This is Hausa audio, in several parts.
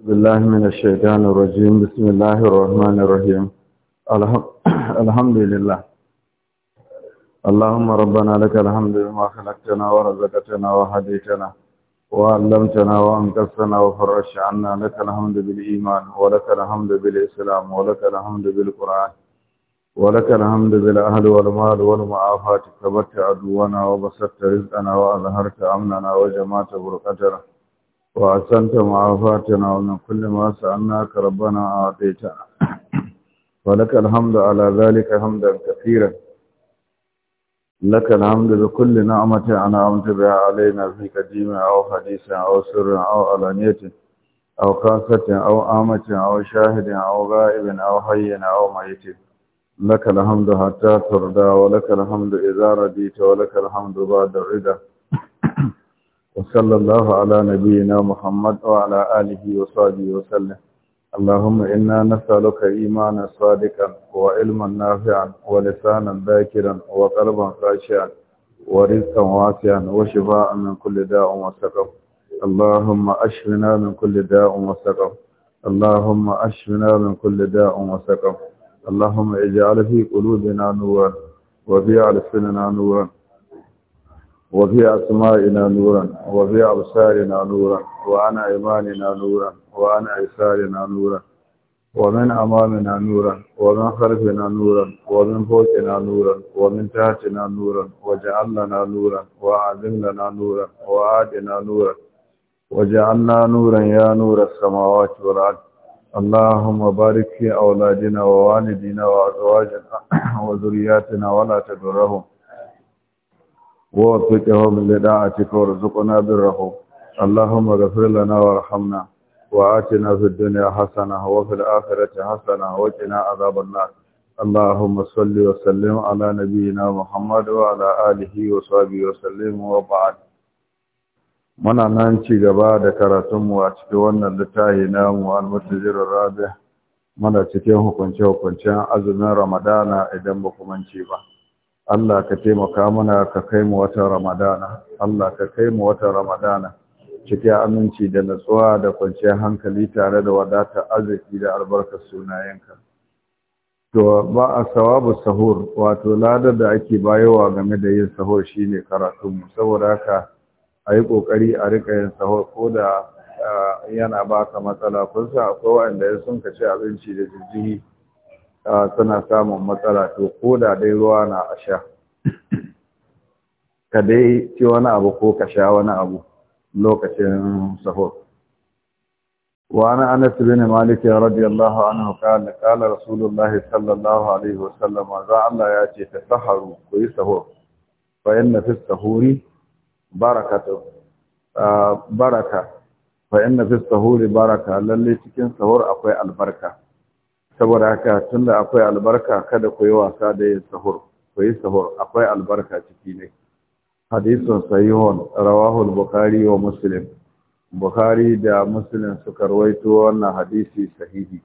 بالله من الشيطان الرجيم بسم الله الرحمن الرحيم الحمد لله اللهم ربنا لك الحمد بما خلقتنا ورزقتنا وهديتنا وعلمتنا وانقذتنا وفرجت عنا لك الحمد بالإيمان ولك الحمد بالإسلام ولك الحمد بالقرآن ولك الحمد بالأهل والمال والمعافاة كبرت عدونا وبسطت رزقنا وأظهرت أمننا وجمعت برقتنا وأحسنت معافاتنا ومن كل ما سألناك ربنا أعطيتنا ولك الحمد على ذلك حمدا كثيرا لك الحمد بكل نعمة أنعمت بها علينا في قديم أو حديث أو سر أو علانية أو خاصة أو آمة أو شاهد أو غائب أو حي أو ميت لك الحمد حتى ترضى ولك الحمد إذا رديت ولك الحمد بعد الرضا وصلى الله على نبينا محمد وعلى آله وصحبه وسلم اللهم إنا نسألك إيمانا صادقا وعلما نافعا ولسانا ذاكرا وقلبا خاشعا ورزقا واسعا وشفاء من كل داء وسقم اللهم أشفنا من كل داء وسقم اللهم أشفنا من كل داء وسقم اللهم اجعل في قلوبنا نورا وفي ألسننا نورا وفي أسمائنا نورا وفي أبصارنا نورا وعن إيماننا نورا وعن إسارنا نورا ومن أمامنا نورا ومن خلفنا نورا ومن فوقنا نورا ومن تحتنا نورا وجعلنا نورا وأعظم نورا وعادنا نورا وجعلنا نورا يا نور السماوات والأرض اللهم بارك في أولادنا ووالدينا وأزواجنا وذرياتنا ولا تدرهم ووفقهم لداعتك وارزقنا بره اللهم اغفر لنا وارحمنا وآتنا في الدنيا حسنة وفي الآخرة حسنة وقنا عذاب النار اللهم صل وسلم على نبينا محمد وعلى آله وصحبه وسلم وبعد من nan ci gaba da karatunmu a cikin wannan littafi na mu'almatajirar rabi muna cikin hukunce-hukuncen azumin ramadana idan ba ku manci ba Allah ka taimaka mana ka kai mu watan Ramadana Allah ka kai mu watan Ramadana cikin aminci da natsuwa da kwanciyar hankali tare da wadata arziki da albarkar sunayenka to ba a sawabu sahur wato ladar da ake bayowa game da yin sahur shine karatu mu saboda haka a yi kokari a rika yin sahur ko da ah, yana baka matsala kun sa akwai wanda sun kace abinci da jijjihi suna samun matsala to ko da dai ruwa na a sha ka dai ci wani abu ko ka sha wani abu lokacin sahur وعن انس بن مالك رضي الله عنه قال قال رسول الله صلى الله عليه وسلم ذا الله ياتي تسحروا كوي سحور فان في السحور بركه بركه فإن fi sahuri baraka lalle cikin sahur akwai albarka saboda haka tunda akwai albarka kada ku yi wasa da yin sahur ku yi sahur akwai albarka ciki ne hadisun sahihun rawahul bukhari wa muslim bukhari da muslim suka rawaito wannan hadisi sahihi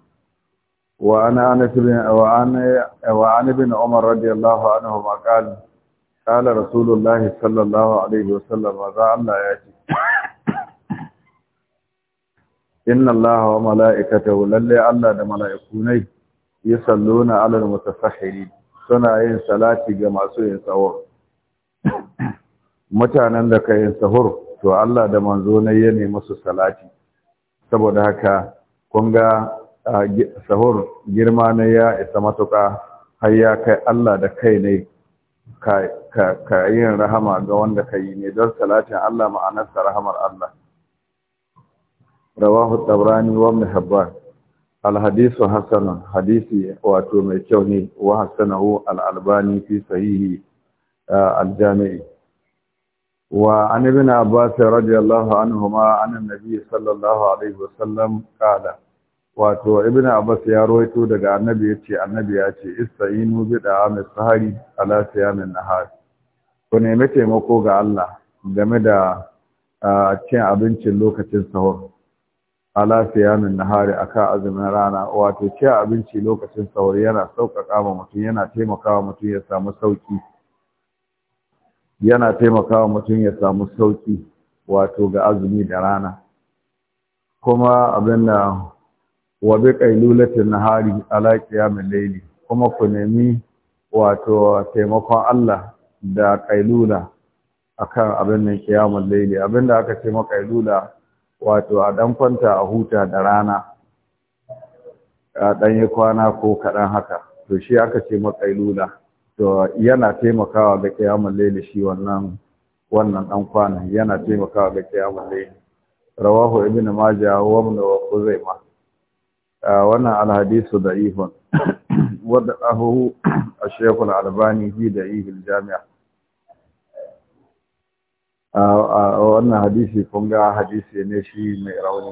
وعن انس بن وعن wa ana wa ana bin umar radiyallahu anhu ma qala qala rasulullah sallallahu alaihi wasallam wa za Allah ya inna Allah wa mala'ikatahu lallai Allah da mala'ikunai yusalluna 'alal mutasahhirin suna yin salati ga masu yin sahur mutanen da ka yin sahur to Allah da manzo ne ya ne su salati saboda haka kun ga sahur girma na ya isa matuƙa har ya kai Allah da kai ne ka yin rahama ga wanda ka yi ne don salatin Allah ma'anarsa rahamar Allah rawahu tabrani wa ibn al alhadisu hasanun hadisi wato mai kyau ne wa hasanahu al-albani fi sahihi al-jami'i wa an ibn abbas radiyallahu anhuma anan nabi sallallahu alaihi wasallam qala wato ibn abbas ya rawaito daga annabi yace annabi ya ce istainu bi da'am sahari ala siyamin nahar ku nemi taimako ga Allah game da cin abincin lokacin sahur ala siyamin nahari aka azumin rana wato ci abinci lokacin sauri yana sauƙaƙa ma mutum yana taimakawa mutum ya samu sauƙi yana taimakawa mutum ya samu sauƙi wato ga azumi da rana kuma abin da wa bi qailulatin nahari ala qiyamil layli kuma ku nemi wato taimakon Allah da qailula akan abin nan qiyamul layli abin da aka ce ma qailula wato a ɗan kwanta a huta da rana a ɗan kwana ko kaɗan haka to shi aka ce makailula to yana taimakawa ga kiyamun laili shi wannan wannan ɗan kwana yana taimakawa ga kiyamun laili rawahu ibn majah wa ibn A wannan alhadisu da ihun wadda ahu a shekul albani fi da ihil jami'a a wannan hadisi kun ga hadisi ne shi mai rauni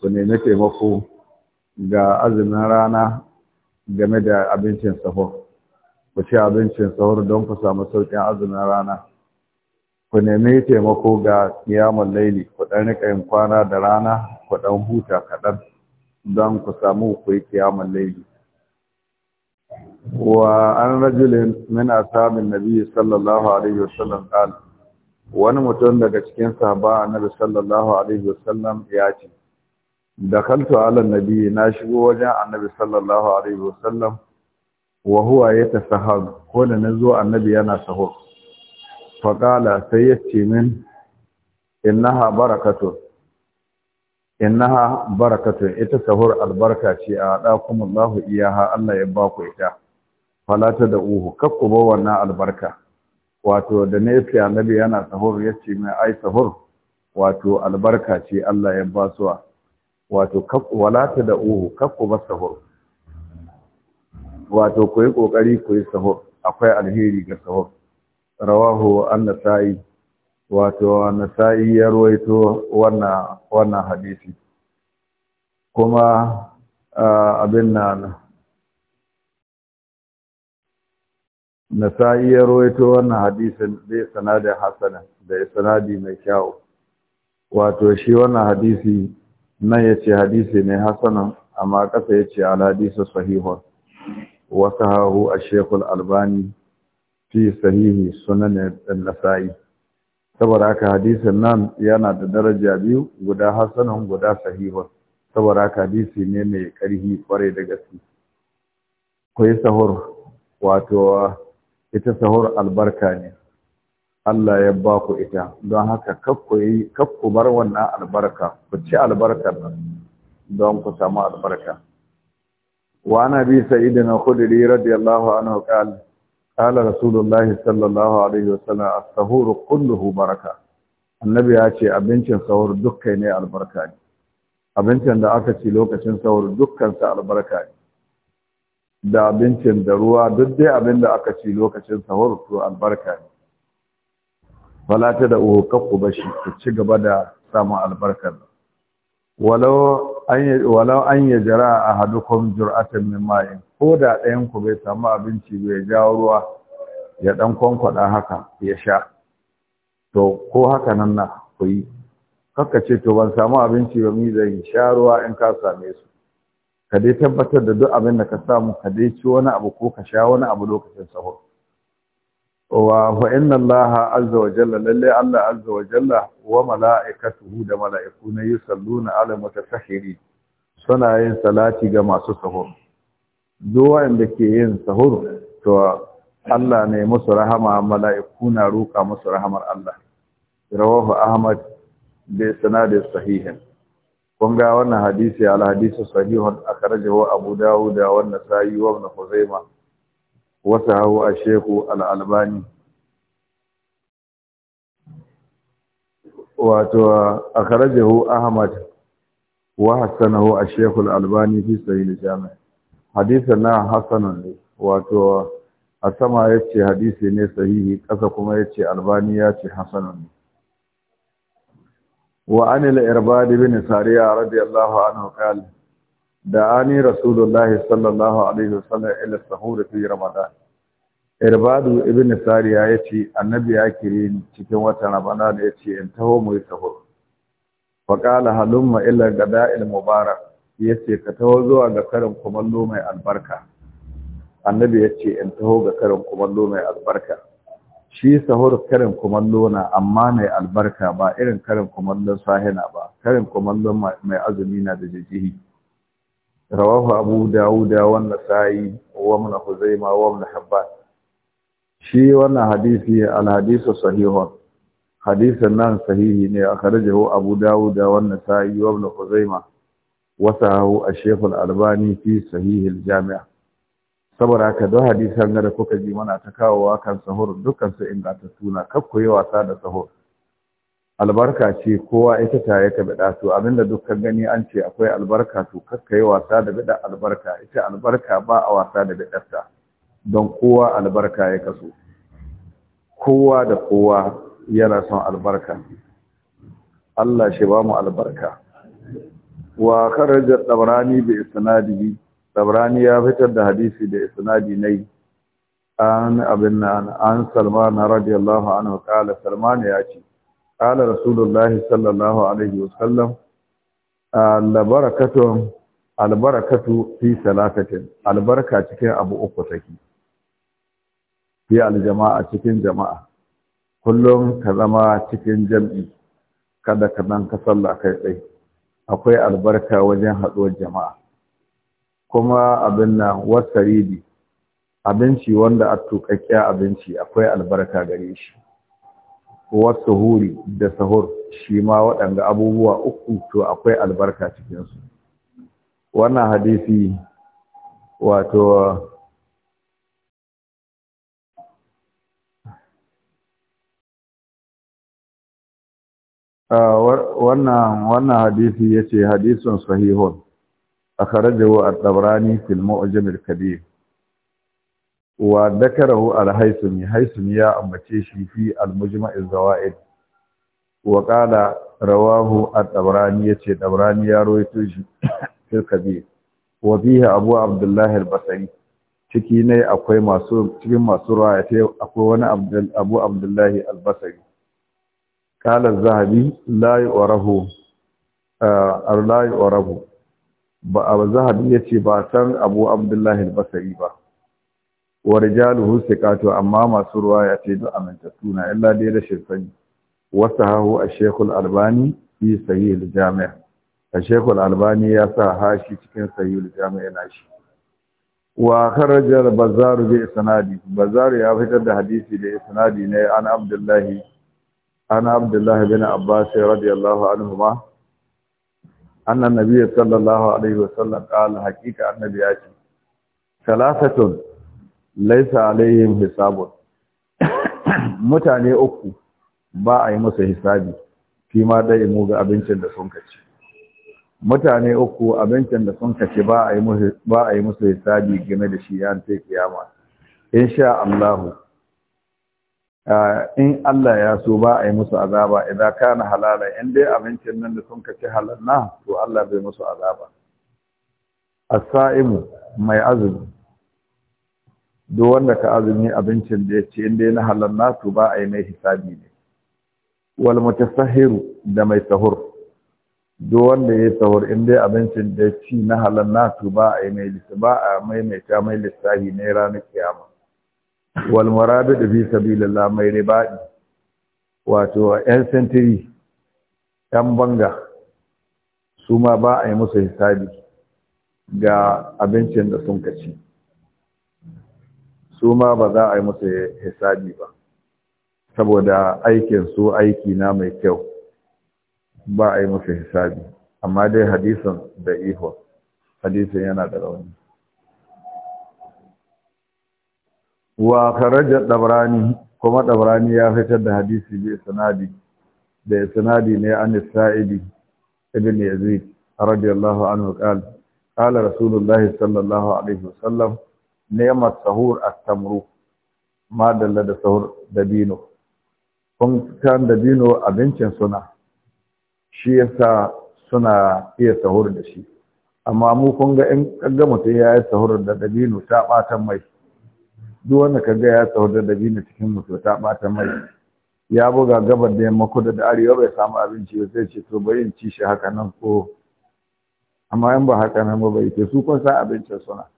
ku nemi taimako ga azumin rana game da abincin sahur ku ci abincin sahur don ku samu sauƙin azumin rana ku nemi taimako ga kiyamun laili ku ɗan riƙa yin kwana da rana ku ɗan huta kaɗan don ku samu ku yi kiyamun laili wa an rajulin min asabin nabi sallallahu alaihi wasallam qala wani mutum daga cikin sahaba annabi sallallahu alaihi wasallam ya ce dakhaltu ala nabi na shigo wajen annabi sallallahu alaihi wasallam wa huwa yatasahab ko da nazo annabi yana sahur fa qala sai yace min innaha barakatu innaha barakatu ita sahur albarka ce a kuma dakumullahu iyaha Allah ya ba ku ita fala ta da uhu kakku ba wannan albarka wato da na na annabi yana sahur ya ce mai ai sahur wato albarka ce Allah ya ba suwa wato wala ta da uhu kakku ba sahur wato ku yi kokari ku yi sahur akwai alheri ga sahur rawahu an-nasa'i wato an-nasa'i ya ruwaito wannan hadisi kuma ah, abin na nasa'i ya rawaito wannan hadisin zai sanadin hasana da sanadi mai kyau wato shi wannan hadisi nan yace hadisi ne hasana amma kasa yace al hadisu sahihun wa sahahu ash a al-albani fi sahihi sunan an-nasa'i saboda haka hadisin nan yana da daraja biyu guda hasanan guda sahihun saboda haka hadisi ne mai karhi kware da gaske koyi sahur wato ita sahur albarka ne Allah ya ba ku ita don haka kakku bar wannan albarka ku ci albarkar nan don ku samu albarka wa nabi sayyidina khudri radiyallahu anhu qala qala rasulullahi sallallahu alaihi wasallam as-sahur kulluhu baraka annabi ya ce abincin sahur dukkan ne albarka ne abincin da aka ci lokacin sahur dukkan sa albarka ne da abincin da ruwa duk dai abin da aka ci lokacin sahur to albarka ne wala ta da uhu kakku bashi ku ci gaba da samun albarkar walau an yi jara a hadukun jur'atan min ma'in ko da ɗayan ku bai samu abinci bai jawo ruwa ya ɗan kwankwaɗa haka ya sha to ko haka nan na ku yi kakka ce to ban samu abinci ba mi zai sha ruwa in ka same su ka dai tabbatar da duk abin da ka samu ka dai ci wani abu ko ka sha wani abu lokacin sahur wa fa inna allaha azza wa jalla lalle allah azza wa jalla wa mala'ikatuhu da mala'iku ne yusalluna ala mutasahhiri suna yin salati ga masu sahur duk wanda ke yin sahur to Allah ne musu rahama mala'iku na roƙa musu rahamar Allah rawahu ahmad bi sanadin sahihin kun ga wannan hadisi al hadisu sahihun wa abu dawud wa an-nasa'i wa ibn khuzaimah wa sahahu ash-shaykh al-albani wato akhrajahu ahmad wa hasanahu ash-shaykh al-albani fi sahih al-jami' hadisan na hasanun ne wato a sama yace hadisi ne sahihi ƙasa kuma yace albani yace hasanun ne وعن الارباد بن ساريه رضي الله عنه قال دعاني رسول الله صلى الله عليه وسلم الى السحور في رمضان ارباد بن ساريه يتي النبي يكري cikin watan ramadan yace in taho mu sahur faqala halumma ila gada'il mubarak yace ka taho zuwa ga karin kumallo mai albarka annabi yace in taho ga karin kumallo mai albarka shi sahur karin kumallo na amma mai albarka ba irin karin kumallon sahina ba karin kumallon mai azumi na da jijihi rawahu abu dawuda wannan nasa'i wa ibn huzaima wa ibn hibban shi wannan hadisi al hadisu sahihun hadisin nan sahihi ne akhrajahu abu dawuda wannan nasa'i wa ibn huzaima wa sahahu ash-shaykh al-albani fi sahih al-jami' saboda haka don hadisan da kuka ji mana ta kawowa kan sahur dukkan su ingantattu na ku yi wasa da sahur albarka ce kowa ita ta ya kabida to abinda dukkan gani an ce akwai albarka to kakka yi wasa da bida albarka ita albarka ba a wasa da bidarta don kowa albarka ya kaso kowa da kowa yana son albarka Allah shi ba mu albarka wa kharaja tabrani bi isnadihi tabrani ya fitar da hadisi da isnadi nai an abin nan an salman radiyallahu anhu kala salman ya ce Kala rasulullahi sallallahu alaihi wasallam la barakatu fi salatatin Albarka cikin abu uku take fi aljamaa jama'a cikin jama'a kullum ka zama cikin jam'i kada ka nan ka sallah kai tsaye akwai albarka wajen haɗuwar jama'a kuma abin nan wasaridi abinci wanda a tukakkiya abinci akwai albarka gare shi wasuhuri da sahur shi ma waɗanda abubuwa uku to akwai albarka cikinsu wannan hadisi wato wannan hadisi ya ce hadisun sahihun أخرجه الطبراني في المعجم الكبير وذكره الهيثمي هيثمي يا أمتيشي في المجمع الزوائد وقال رواه الطبراني يتي الطبراني يا رويتوش في الكبير وفيه أبو عبد الله البصري ciki ne akwai masu cikin masu ruwaya ta akwai wani abu abdullahi albasari kala zahabi layi orahu a layi orahu ba a zahabi ya ce ba san abu abdullahi al-basari ba wa rijaluhu sikatu amma masu ruwa ya ce duk aminta suna illa dai da sani wasu hahu a shekul albani fi sahih al jami'a. a shekul albani ya sa hashi cikin sahih al-jami' na shi wa kharaja bazar bi isnadi bazar ya fitar da hadisi da isnadi ne an abdullahi an abdullahi bin abbas radiyallahu anhu ma annan nabi sallallahu alaihi wasallam qala haqiqa annabi ya ce salasatun laysa alaihim hisabun mutane uku ba a yi musu hisabi fi ma dai mu abincin da sun kaci mutane uku abincin da sun kaci ba a yi musu hisabi game da shi yan sai In sha Allah Uh, in Allah ya so ba a yi musu azaba idan kana halala in dai abincin nan da sun kace halal na to Allah bai musu azaba as-sa'imu mai azumi duk wanda ka azumi abincin da yace in dai na halal na to ba a yi mai hisabi ne wal mutasahhiru da mai sahur duk wanda ya sahur in dai abincin da ci na halal na to ba a yi mai ba a mai mai ta ne ranar kiyama wal da fi sabilillah mai ribadi wato yan sentiri yan banga su ma ba a yi musu hisabi ga abincin da sun kaci su ma ba za a yi musu hisabi ba saboda aikin su aiki na mai kyau ba a yi musu hisabi amma dai hadisin da ihu hadisin yana da rauni wa kharaja dabrani kuma dabrani ya fitar da hadisi bi sanadi da sanadi ne an sa'idi ibn yazid radiyallahu anhu qala qala rasulullahi sallallahu alaihi wasallam sahur at-tamru ma dalla da sahur dabino kun kan dabino abincin suna shi yasa suna iya sahur da shi amma mu kun ga in kaga mutum ya sahur da dabino ta batan mai duk wanda ka ga ya tsawo da dabino cikin mutu ta ɓata mai ya buga gabar da yamma kudu da arewa bai samu abinci ba sai ce to bari in ci shi haka nan ko amma in ba haka nan ba bai ke su kun sa abincin suna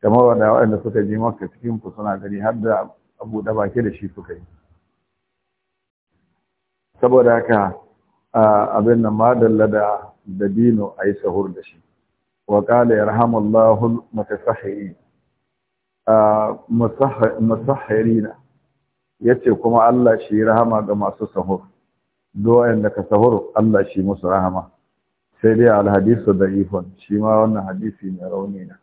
kamar wanda waɗanda suka je maka cikin ku suna gani har da abu da baki da shi suka yi saboda haka abin nan madalla da dabino a yi sahur da shi wa qala yarhamullahu al musahirina ya ce kuma Allah shi rahama ga masu sahur doyen da ka sahur Allah shi musu rahama sai dai alhadisu da ifon shi ma wannan hadisi mai rauni na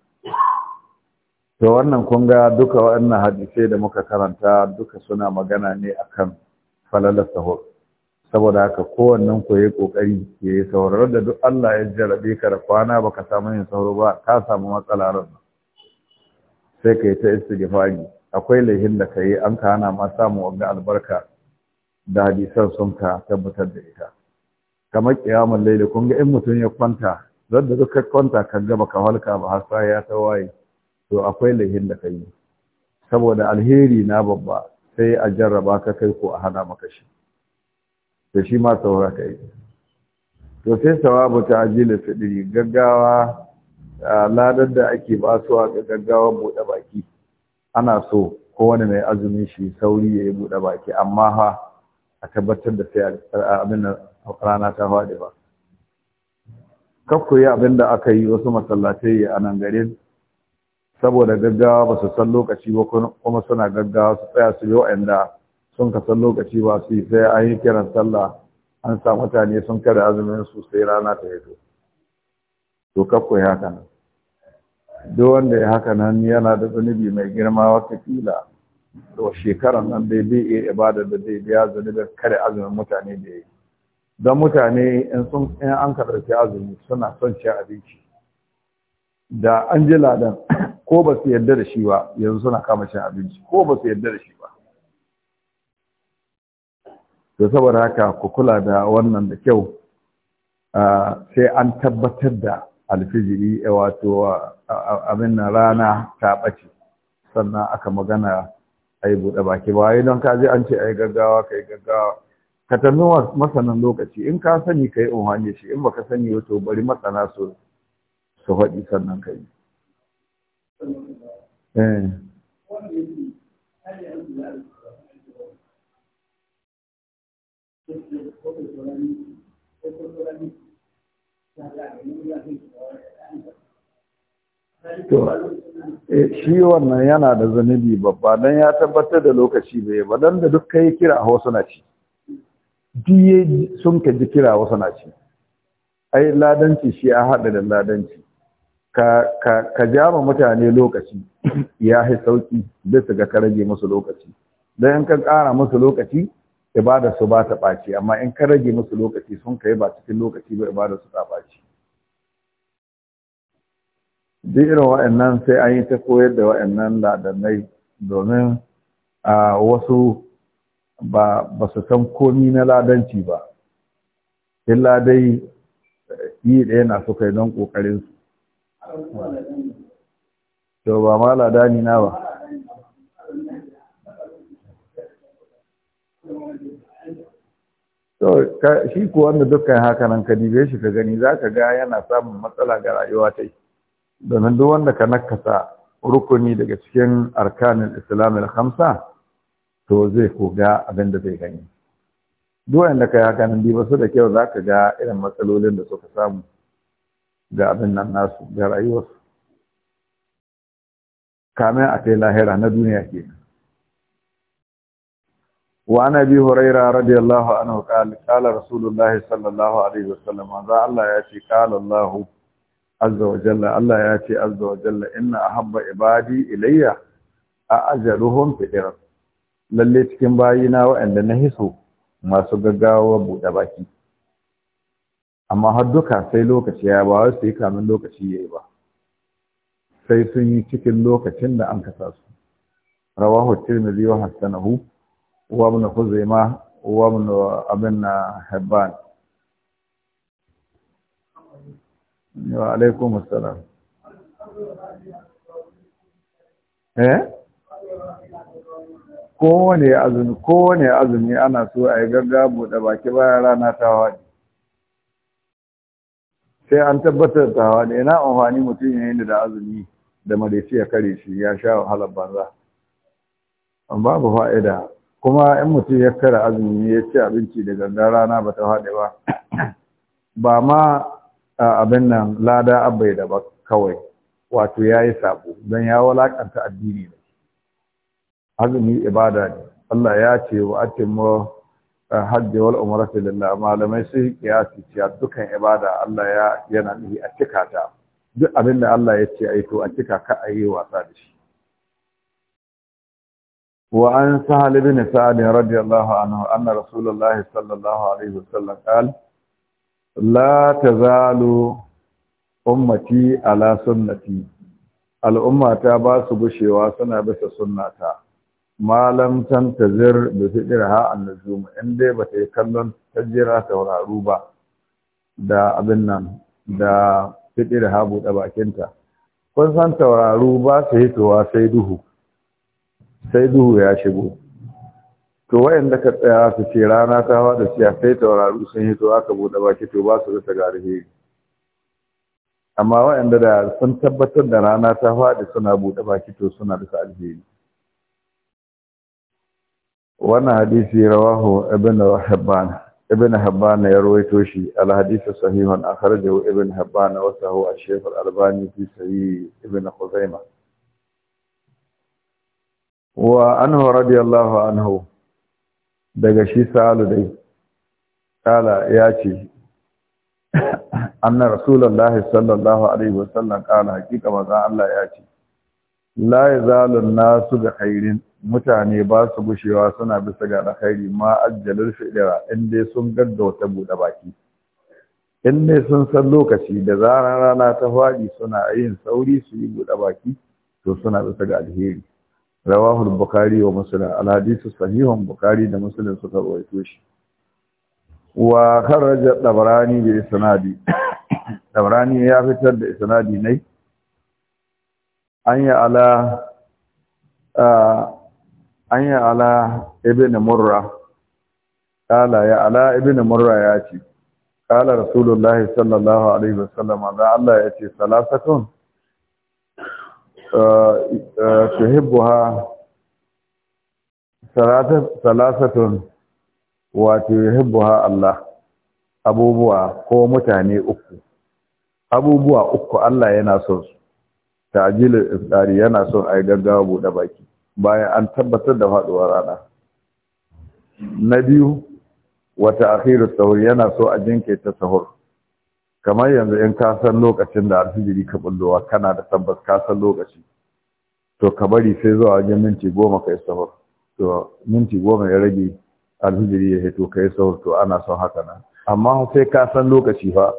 to wannan kun duka wannan hadisai da muka karanta duka suna magana ne akan falalar sahur saboda haka kowannen ku yi kokari ya yi sauraro da duk Allah ya jarabe ka da kwana baka samu yin sauro ba ka samu matsala ranar sai ka yi ta istighfari akwai laihin da ka yi an ka hana ma samun wanga albarka da hadisan sun ka tabbatar da ita kamar kiyamun laili kun ga in mutum ya kwanta zan da duka kwanta kan gama ka halka ba har sai ya ta waye to akwai laihin da ka yi saboda alheri na babba sai a jarraba ka kai ko a hana maka shi to shi ma saura ka yi to sai sawabu ta ajila fidiri gaggawa ladar da ake a ga gaggawa buɗe baki ana so kowane mai azumin shi sauri ya yi buɗe baki amma ha a tabbatar da sai abin rana ta faɗi ba kakku yi abin da aka yi wasu masallatai a nan garin saboda gaggawa ba su san lokaci ba kuma suna gaggawa su tsaya su yi wa'anda sun ka san lokaci ba su yi sai an yi kiran sallah an sa mutane sun kada azumin su sai rana ta hito to kakko ya haka nan duk wanda ya haka nan yana da zunubi mai girma wata kila to shekaran nan dai bai iya ibada da zai biya zunubi kare azumin mutane da yi don mutane in sun in an karɓi azumi suna son ci abinci da an ji ladan ko ba su yarda da shi ba yanzu suna kama cin abinci ko ba su yarda da shi ba to saboda haka ku kula da wannan da kyau ah, sai an tabbatar da alfijiri eh, wato abin na rana ta ɓace sannan aka magana a yi buɗe baki ba yi don ka je an ce a yi gaggawa ka yi gaggawa ka tambi masanin lokaci in ka sani ka yi umarni shi in baka sani wato bari masana su su faɗi sannan ka yi Thank eh. you. to eh, shi wannan yana da zanubi babba don ya tabbatar da lokaci bai ba don da duk kai kira a wasu na ci diye sun ka ji kira wasu na ci ai ladanci shi a haɗa da ladanci ka jama mutane lokaci ya sauki sauƙi bisa ga ka rage musu lokaci don kan ƙara musu lokaci ibada su ba ta ɓaci amma in ka rage musu lokaci sun kai ba cikin lokaci ba ibada su ta ɓaci duk irin wa'annan sai an yi ta koyar da wa'annan ladannai domin a wasu ba su san komi na ladanci ba illa dai yi ɗaya na suka yi don ƙoƙarinsu to ba ma ladani na ba to shi ko wanda dukkan haka nan ka dibe shi ka gani za ka ga yana samun matsala ga rayuwa ta yi domin duk wanda ka nakasa rukuni daga cikin arkanin islamin hamsa to zai koga abin da zai gani duk wanda ka haka nan diba su da kyau za ka ga irin matsalolin da suka samu ga abin nan nasu ga rayuwarsu kamin a kai lahira na duniya kenan وعن ابي هريره رضي الله عنه قال قال رسول الله صلى الله عليه وسلم ذا الله ياتي قال الله عز وجل الله ياتي عز وجل ان احب عبادي الي اجرهم فطر lalle cikin bayina waɗanda na hiso masu gaggawa buɗe baki amma har duka sai lokaci ya ba wasu yi kamin lokaci ya yi ba sai sun yi cikin lokacin da an kasa su rawahu tirmidhi wa Hassanahu. wa ibn Khuzaimah wa ibn wa alaikum assalam eh kowane azumi kowane azumi ana so a yi gaggabo da baki bayan rana ta waje sai an tabbatar ta waje ina amfani mutum yayin da azumi da madaici ya kare shi ya sha wahalar banza babu fa'ida kuma in mutum ya kara azumi ya ci abinci da gangan rana ba ta haɗe ba ba ma abin nan lada abai da ba kawai wato ya yi sabo don ya walakanta addini ne azumi ibada ne Allah ya ce wa atimmu hajji wal fi lillah malamai yi kiyasi cewa dukkan ibada Allah ya yana nihi a cika ta duk abin da Allah ya ce yi to a cika ka ayi wasa da shi وعن سهل بن سعد رضي الله عنه أن رسول الله صلى الله عليه وسلم قال لا تزال أمتي على سنتي الأمة تاباس سبشي سنة بس سنة ما لم تنتظر بفجرها النجوم إن دي بتيكلن تجرى تورا روبا دا أبنان دا فجرها بود أباكينتا kun san tauraru ba su hitowa sai duhu sai duhu ya shigo to wayanda ka tsaya su ce rana ta hawa da siya sai tauraru sun yi to aka bude baki to ba su rasa garihe amma wayanda da sun tabbatar da rana ta hawa da suna bude baki to suna rasa alheri wannan hadisi rawahu ibn habban ibn habban ya rawaito shi al hadith sahihun akhrajahu ibn habban wa sahu al-shaykh al-albani fi sahih ibn khuzaimah wa anhu radiyallahu anhu daga shi salu dai kala ya ce anna rasulullahi sallallahu alaihi wasallam kala hakika maza Allah ya ce la yazalun nasu bi khairin mutane ba su gushewa suna bisa ga alkhairi ma ajjalul fi'ra in sun sun gaggauta bude baki in dai sun san lokaci da zaran rana ta faɗi suna yin sauri su yi bude baki to suna bisa ga alheri rawahu al-bukhari wa muslim al-hadith sahih bukhari da muslim suka rawaito shi wa kharaja dabrani bi sanadi dabrani ya fitar da sanadi nai anya ala anya ala ibn murra kala ya ala ibn murra ya ce kala rasulullahi sallallahu alaihi wasallam da Allah ya ce salasatun tuhibbuha salasatun wato yuhibbuha Allah abubuwa ko mutane uku abubuwa uku Allah yana so su ta'jilul ifdari yana son ai gaggawa buɗe baki bayan an tabbatar da faduwar rana na biyu wata akhiru sahur yana so a jinkirta sahur kamar yanzu in ka san lokacin da alfijiri ka bullowa kana da tabbas ka san lokaci to ka bari sai zuwa wajen minti goma ka yi sahur to minti goma ya rage alfijiri ya hito ka yi sahur to ana son haka nan amma sai ka san lokaci fa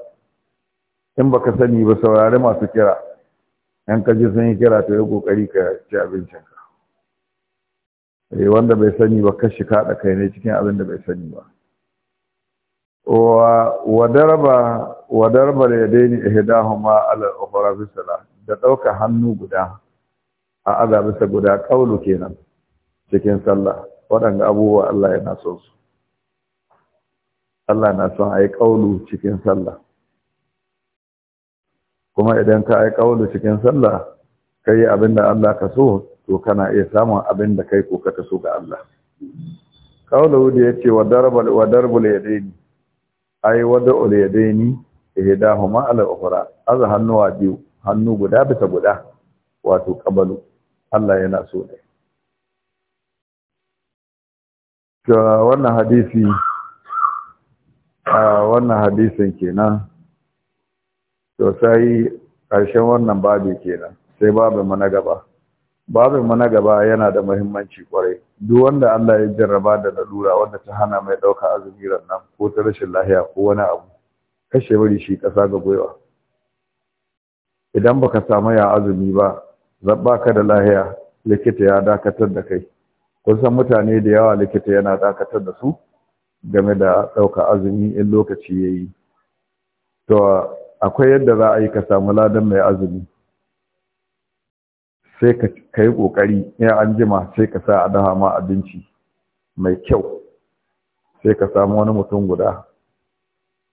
in baka sani ba saurari masu kira yan kaji sun yi kira to ya kokari ka ci abincin ka eh, wanda bai sani ba kashi kaɗa kai ne cikin abin da bai sani ba wa darba ya daini yadaini ihdahuma ala al da ɗauka hannu guda a bisa guda ƙaunu kenan cikin sallah waɗanda abubuwa Allah yana son su Allah na son ayi kaulu cikin sallah kuma idan ka yi ƙaunu cikin sallah ka abin abinda Allah ka so to kana iya samun abinda kai ko ka so ga Allah ƙaunu da ce wa darbal ya daini ai wada ulyadaini ihdahuma ala ukhra az hannu biyu hannu guda bisa guda wato kabalu Allah yana so ne ga wannan hadisi a wannan hadisin kenan to sai ƙarshen wannan babu kenan sai babu mu na gaba babin mana gaba yana da mahimmanci kwarai duk wanda Allah ya jarraba da lalura wanda ta hana mai ɗauka azumi nan ko ta rashin lahiya ko wani abu kashe bari shi ƙasa ga gwiwa idan baka samu ya azumi ba zabba ka da lahiya likita ya dakatar da kai kun san mutane da yawa likita yana dakatar da su game da ɗauka azumi in lokaci ya yi to akwai yadda za a yi ka samu ladan mai azumi sai ka yi ƙoƙari in an jima sai ka sa a dafa ma abinci mai kyau sai ka samu wani mutum guda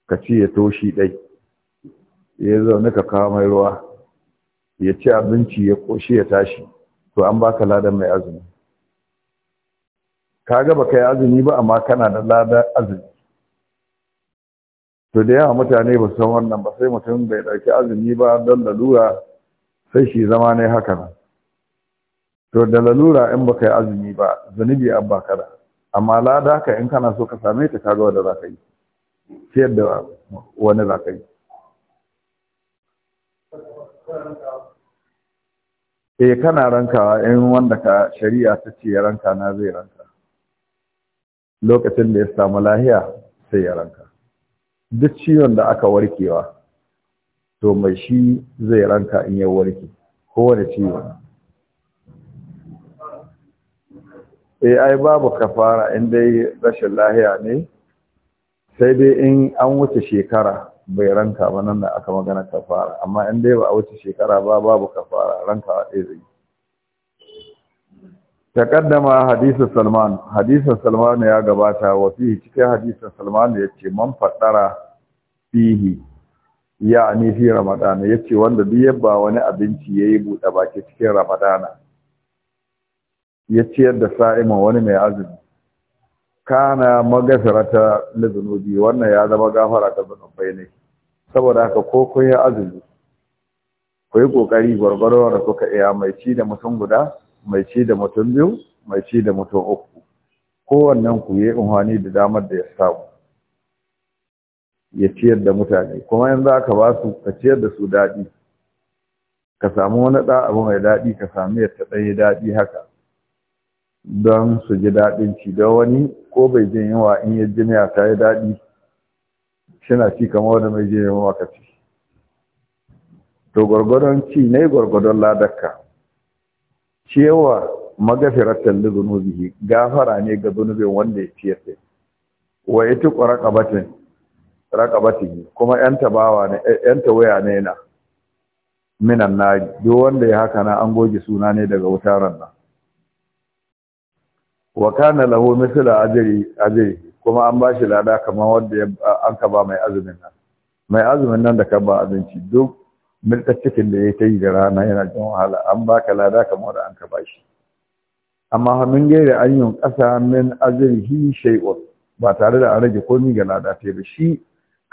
ka ci ya toshi ɗai ya zaune ka kawo mai ruwa ya ci abinci ya ƙoshi ya tashi to an baka ladan mai azumi ka gaba kai azumi ba amma kana da ladan azumi to da yawa mutane ba su san wannan ba sai mutum bai ɗauki azumi ba don lalura sai shi zama ne haka nan to da lalura in baka yi azumi ba zanibi an baka da amma lada ka in kana so ka same ta kaga wanda za ka yi ce da wani za ka yi eh kana rankawa in wanda ka shari'a ta ce ya ranka na zai ranka lokacin da ya samu lahiya sai ya ranka duk ciwon da aka warkewa to mai shi zai ranka in ya warke kowane ciwon eh ai babu kafara in dai rashin lahiya ne sai dai in an wuce shekara bai ranka ba nan da aka magana kafara amma in dai ba a wuce shekara ba babu kafara ranka ɗaya zai taqaddama hadisu salman hadisu salman ya gabata wa fihi cikin hadisin salman ya ce man faɗara fihi ya fi ramadana ya ce wanda duk yabba wani abinci ya yi buɗe baki cikin ramadana ya ciyar da sa'ima wani mai azumi kana magasarata lizunubi wannan ya zama gafara ta zunubai ne saboda haka ko kun yi azumi ku yi kokari gwargwaro da kuka iya mai ci da mutum guda mai ci da mutum biyu mai ci da mutum uku kowannen ku yi unhani da damar da ya samu ya ciyar da mutane kuma yanzu aka ba su ka ciyar da su daɗi ka samu wani ɗa abu mai daɗi ka sami yadda ɗaya daɗi haka don su ji daɗin ci don wani ko bai jin yawa in ya jiniya miya ta yi daɗi suna ci kamar wani mai jin yawa ka ci to gwargwadon ci ne gwargwadon ladakka Cewa magafiratan da zunubi gafara ne ga zunubin wanda ya ciyar da wa ya tuƙa raƙabatin raƙabatin kuma yan tabawa ne yan tawaya ne na minan na, duk wanda ya haka na an goge suna ne daga wutar nan wa kana lahu mithla ajri ajri kuma an bashi lada kamar wanda an ka ba mai azumin nan mai azumin nan da ka ba abinci duk milka cikin da ya yi da rana yana jin wahala an baka lada kamar wanda an ka ba shi amma hannun gaira an yi ƙasa min azirhi shay'un ba tare da an rage komi ga lada ta ba shi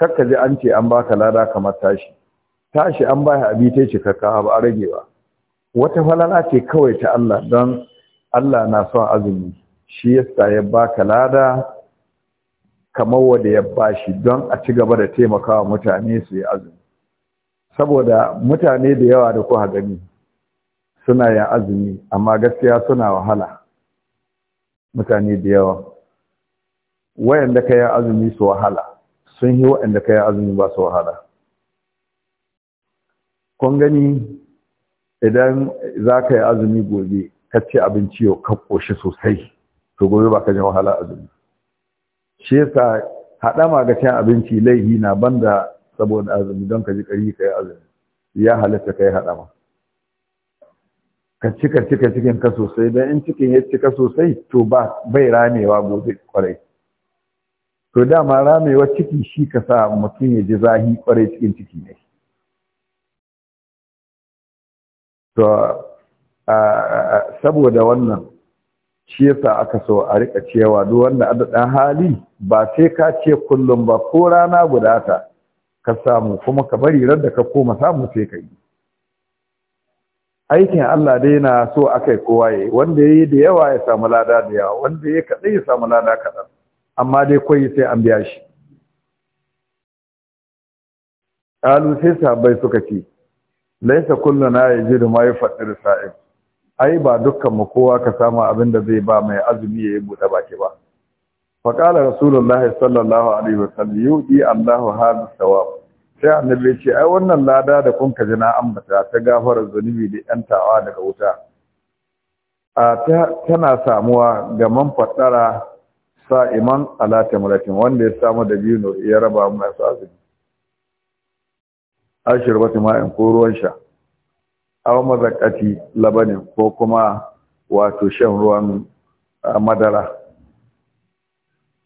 ka ji an ce an baka lada kamar tashi tashi an baya abi ta ce kakka ba a rage ba wata falala ce kawai ta Allah don Allah na son azumi shi yasa ya baka lada kamar wanda ya bashi don a ci gaba da taimakawa mutane su yi azumi saboda mutane da yawa da kuka gani suna yin azumi amma gaskiya suna wahala mutane da yawa wayanda ka yi azumi su wahala sun yi wayanda ka yi azumi ba su wahala kun gani idan za ka yi azumi gobe ka ci abinci yau ka ƙoshi sosai to gobe ba ka jin wahala azumi shi yasa haɗama ga cin abinci laifi na banda saboda azumi don ka ji ƙari ka yi azumi ya halatta ka yi haɗama ka cika cika cikin ka sosai don in cikin ya cika sosai to ba bai ramewa gobe kwarai to dama ramewa ciki shi ka sa mutum ya ji zahi kwarai cikin ciki ne to saboda wannan shi yasa aka so a rika cewa duk wanda ada dan hali ba sai ka ce kullum ba ko rana guda ta ka samu kuma ka bari ran da ka koma samu sai ka yi aikin Allah dai yana so akai kowa yayi wanda yayi da yawa ya samu lada da yawa wanda yayi kadai ya samu lada kadan amma dai koyi sai an biya shi Alu sai sabai suka ce laisa na yajidu ma yufaddil sa'ib ai ba dukkan mu kowa ka samu abin da zai ba mai azumi yi bude baki ba fa qala rasulullahi sallallahu alaihi wasallam yudi Allahu hadha thawab sai annabi ce ai wannan lada da kun kaji na ambata ta gafara zunubi da yantawa daga wuta a tana samuwa ga man sa sa'iman ala tamratin wanda ya samu da biyu ya raba masu azumi ashirbat ma'in ko ruwan sha aw mazaqati labanin ko kuma wato shan ruwan madara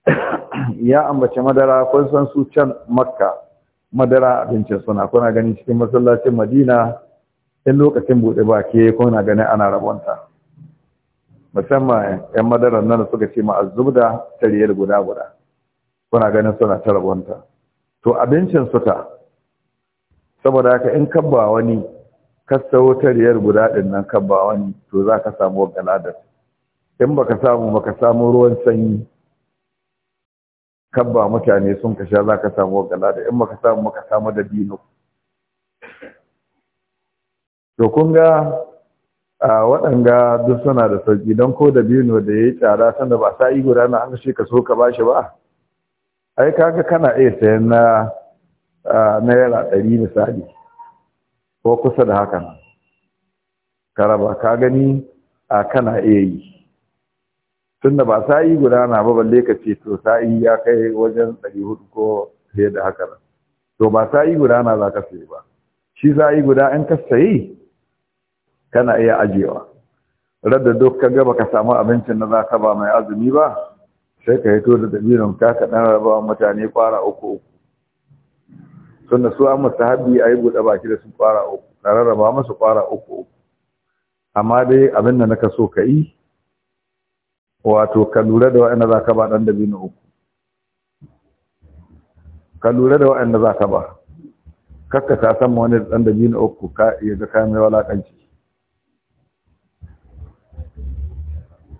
ya ambace madara kun san su can makka madara abincin suna kuna ganin cikin masallacin madina in lokacin buɗe baki kuna ganin ana rabonta musamman 'yan madara nan suka ce ma azubda da guda guda kuna ganin suna ta rabonta to abincin suka saboda haka in kabba wani kasta wutariyar guda ɗin nan kan ba wani to za ka samu wakaladar in ba ka samu ka samu ruwan sanyi kan ba mutane sun ka sha za ka samu wakaladar in ba ka samu ka samu da dino to kun ga a waɗanga duk suna da sauƙi don ko da biyu da ya yi tsada sanda ba sa yi guda na an ka so ka bashi ba ai kaga kana iya sayan na naira ɗari misali ko kusa da hakan ka raba ka gani a kana iya yi tunda ba sa'i guda na ba balle ka ce to sa'i ya kai wajen 400 ko fiye da haka to ba sa'i guda na za ka sayi ba shi sa'i guda in ka sayi kana iya ajewa radda duk ka gaba ka samu abincin da za ka ba mai azumi ba sai ka hito da dabirin ka ka dan raba mutane kwara uku uku sunna su an a ayi buɗe baki da su ƙwara uku ka rarraba musu ƙwara uku amma dai abin da naka so ka yi wato ka lura da wa'anda zaka ba dan na uku ka lura da wa'anda zaka ba kakka ta san wani dan na uku ka yaga ka mai walakanci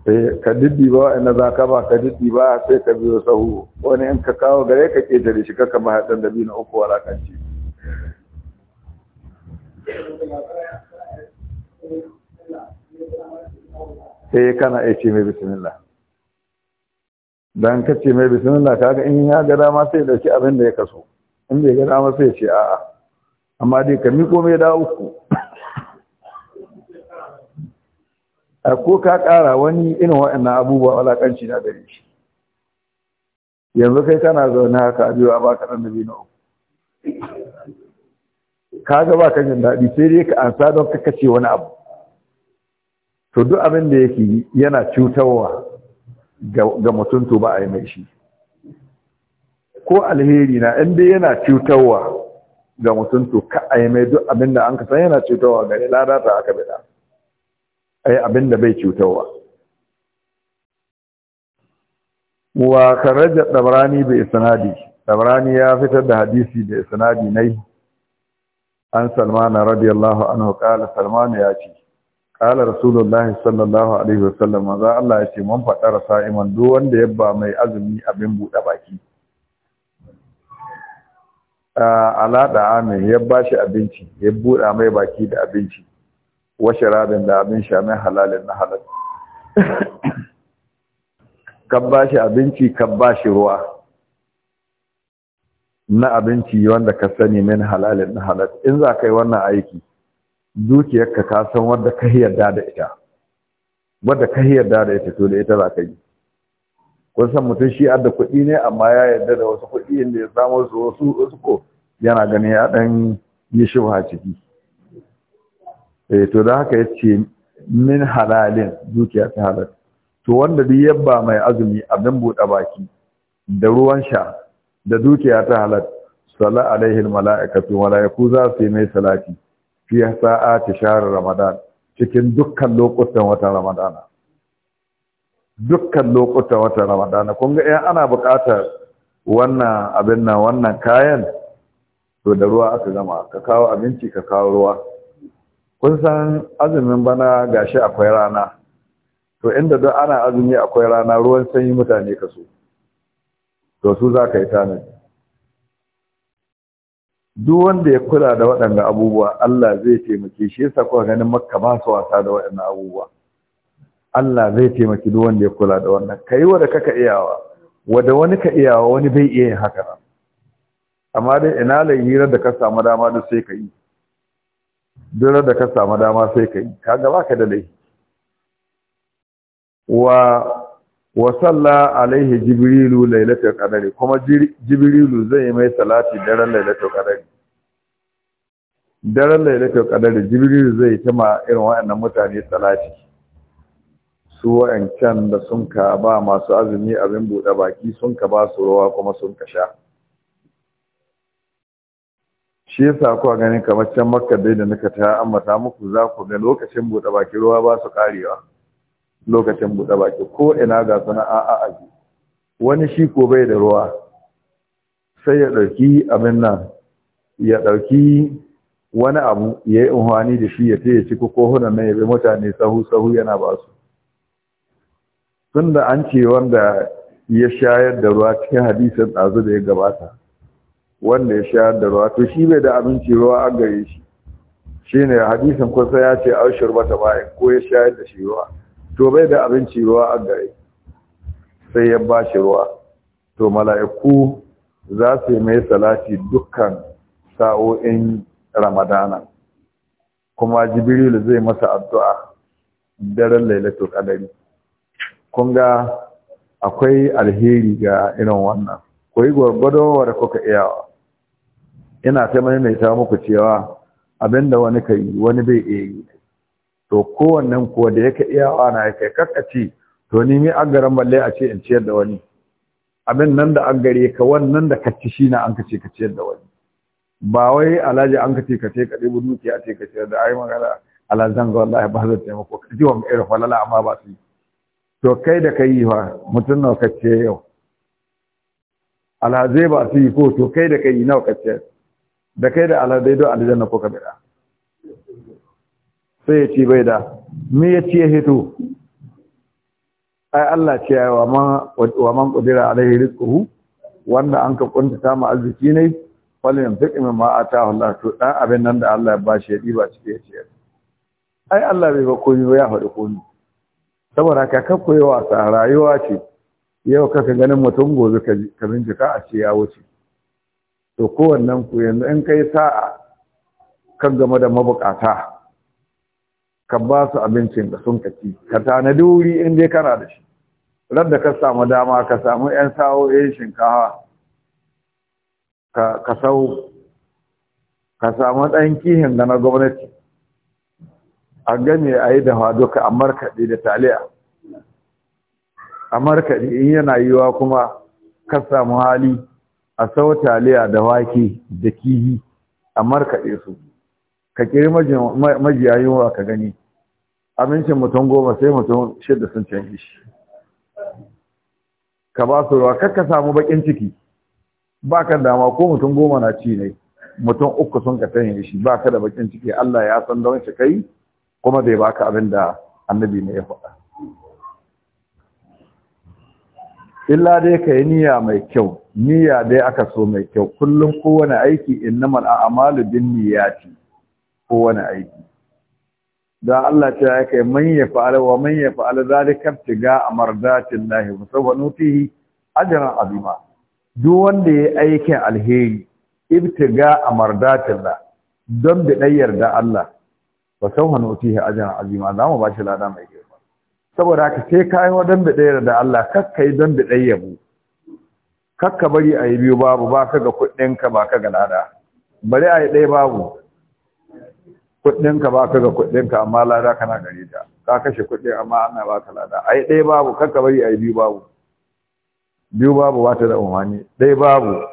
Eh, ka diddi ba wa'anda za ka ba ka diddi ba sai ka biyo sahu wani in ka kawo gare ka ƙetare shi kaka ba haɗin da biyu na uku walakanci sai eh, kana iya ce mai bisimila. don ka ce mai bisimila kaga in ya ga dama sai ɗauki abin da ya kaso in bai ga dama sai ce a'a amma dai ka miko mai da uku a ko ka kara wani irin waɗannan abubuwa walaƙanci na gare shi yanzu kai tana zaune haka a biyu a baka ɗan da na uku ka ga ba ka jin daɗi sai dai ka ansa don ka kace wani abu to duk abin da yake yana cutarwa ga mutuntu to ba a yi mai shi ko alheri na in dai yana cutarwa ga mutuntu, to ka a yi mai duk abin da an ka san yana cutarwa ga ta aka bida ai abin da bai cutarwa wa kharaja dabrani bi isnadi dabrani ya fitar da hadisi da isnadi nai an salman radiyallahu anhu Kala salman ya ce Kala rasulullah sallallahu alaihi wasallam za Allah ya ce mun fadar sa'iman duk wanda yabba mai azumi abin bude baki ala da amin ya bashi abinci ya buɗa mai baki da abinci wa sharabin da abin sha mai halalin na halal kan ba shi abinci kan ba shi ruwa na abinci wanda ka sani min halalin na halal in za ka yi wannan aiki dukiyarka ka san wadda ka yarda da ita wadda ka yarda da ita to da ita za ka yi kun san mutum shi adda kuɗi ne amma ya yarda da wasu kuɗi inda ya samu su wasu wasu ko yana ganin ya ɗan yi shubha ciki eh to da haka yace min halalin dukiya ta halal to wanda duk yabba mai azumi abin buɗe baki da ruwan sha da dukiya ta halal sallallahu alaihi mala'ikatu wala za su yi mai salati fi sa'ati shahr ramadan cikin dukkan lokutan watan ramadana dukkan lokutan watan ramadana kun ga 'yan ana buƙatar wannan abin nan wannan kayan to da ruwa aka zama ka kawo abinci ka kawo ruwa kun san azumin bana gashi akwai rana to inda duk ana azumi akwai rana ruwan sanyi mutane ka so to su za ka yi tanadi duk wanda ya kula da waɗannan abubuwa Allah zai taimake shi yasa kuka ganin makka ba su wasa da waɗannan abubuwa Allah zai taimaki duk wanda ya kula da wannan kai wanda kaka iyawa wanda wani ka iyawa wani bai iya yin haka amma dai ina la hira da ka samu dama da sai ka yi duk da ka samu dama sai ka yi ka baka da laifi wa wa salla alaihi jibrilu lailatul kuma jibrilu zai mai salati daren lailatul qadari daren lailatul qadari jibrilu zai tama irin wayannan mutane salati su can da sun ka ba masu azumi abin bude baki sun ka ba su ruwa kuma sun ka sha shi yasa kuwa ganin kamar can makka dai da nika ta mata muku za ku ga lokacin buɗe baki ruwa ba su karewa lokacin buɗe baki ko ina ga suna a'a aji wani shi ko bai da ruwa sai ya ɗauki abin nan ya ɗauki wani abu ya yi unhwani da shi ya ce ya ci ko hunan nan ya bi mutane sahu sahu yana ba su tun an ce wanda ya shayar da ruwa cikin hadisin ɗazu da ya gabata wanda ya shayar da ruwa to shi bai da abinci ruwa an gare shi Shi shine hadisin kusa ya ce ruwa ta bayan ko ya shayar da shi ruwa to bai da abinci ruwa an gare sai ya ba shi ruwa to mala'iku za su yi mai salati dukkan sa'o'in ramadana kuma jibrilu zai masa addu'a daren lailatul qadari kun ga akwai alheri ga irin wannan koyi gwargwado da kuka iyawa ina ta maimaita muku cewa abinda wani ka yi wani bai iya yi to kowannen ko da yake iyawa na ya kai kakkaci to ni mai agaran balle a ce in ciyar da wani abin nan da agare ka wannan da ka shi na an kace ka ciyar da wani ba wai alhaji an kace ka ce ka ɗebi dukiya ce ka ciyar da ai magana alazan zan ga wallahi ba zai taimako ka ji mai irin falala amma ba su to kai da ka yi fa mutum nawa kace yau alaze ba su yi ko to kai da ka yi nawa kace da kai da aladai don aljanna ko kabira sai ya ce bai da me ya ce ya hito ai Allah ce ya wa man wa man qadira alaihi rizquhu wanda an ka ta ma arziki ne falin fiqi mimma atahu Allah to dan abin nan da Allah ya bashi ya diba cike ya ce ai Allah bai ba komai ya faɗi komai saboda ka kakkoyewa wasa, rayuwa ce yau kaka ganin mutum gobe ka bincika a ce ya wuce to kowannen ku yanzu in kai sa'a kan game da mabukata ka ba su abincin da sun kaci ka tanadi wuri in dai kana da shi radda ka samu dama ka samu 'yan sa'o'in shinkawa ka sau ka samu ɗan kihin da na gwamnati a gane a yi dawa duka a markaɗe da taliya a markaɗe in yana yiwa kuma ka samu hali a sau taliya da wake da kihi a markaɗe su ka kiri majiyayin wa ka gani abincin mutum goma sai mutum shida sun canji shi ka ba su ruwa kakka samu bakin ciki ba ka dama ko mutum goma na ci ne mutum uku sun ka tanye shi ba ka da bakin ciki Allah ya san don shi kai kuma bai baka abin da annabi ne ya faɗa illa dai ka yi niyya mai kyau niyya dai aka so mai kyau kullum kowane aiki innamal a'malu bin niyyati kowane aiki da Allah ta ya kai man ya fa'ala wa man ya fa'ala zalika tiga amardatillahi wa sawfa nutihi ajran azima duk wanda yayi aikin alheri ibtiga la don da bi da Allah wa sawfa nutihi ajran azima zamu bashi lada mai saboda haka sai ka yi da ɗaya da Allah kakka yi don ɗaya yabo kakka bari a yi biyu babu ba ka ga kuɗinka ba ka ga lada bari a yi ɗaya babu kuɗinka ba ka ga kuɗinka amma lada kana gare ta ka kashe kuɗi amma ana ba ka lada a yi ɗaya babu kakka bari a yi biyu babu biyu babu ba ta da umarni ɗaya babu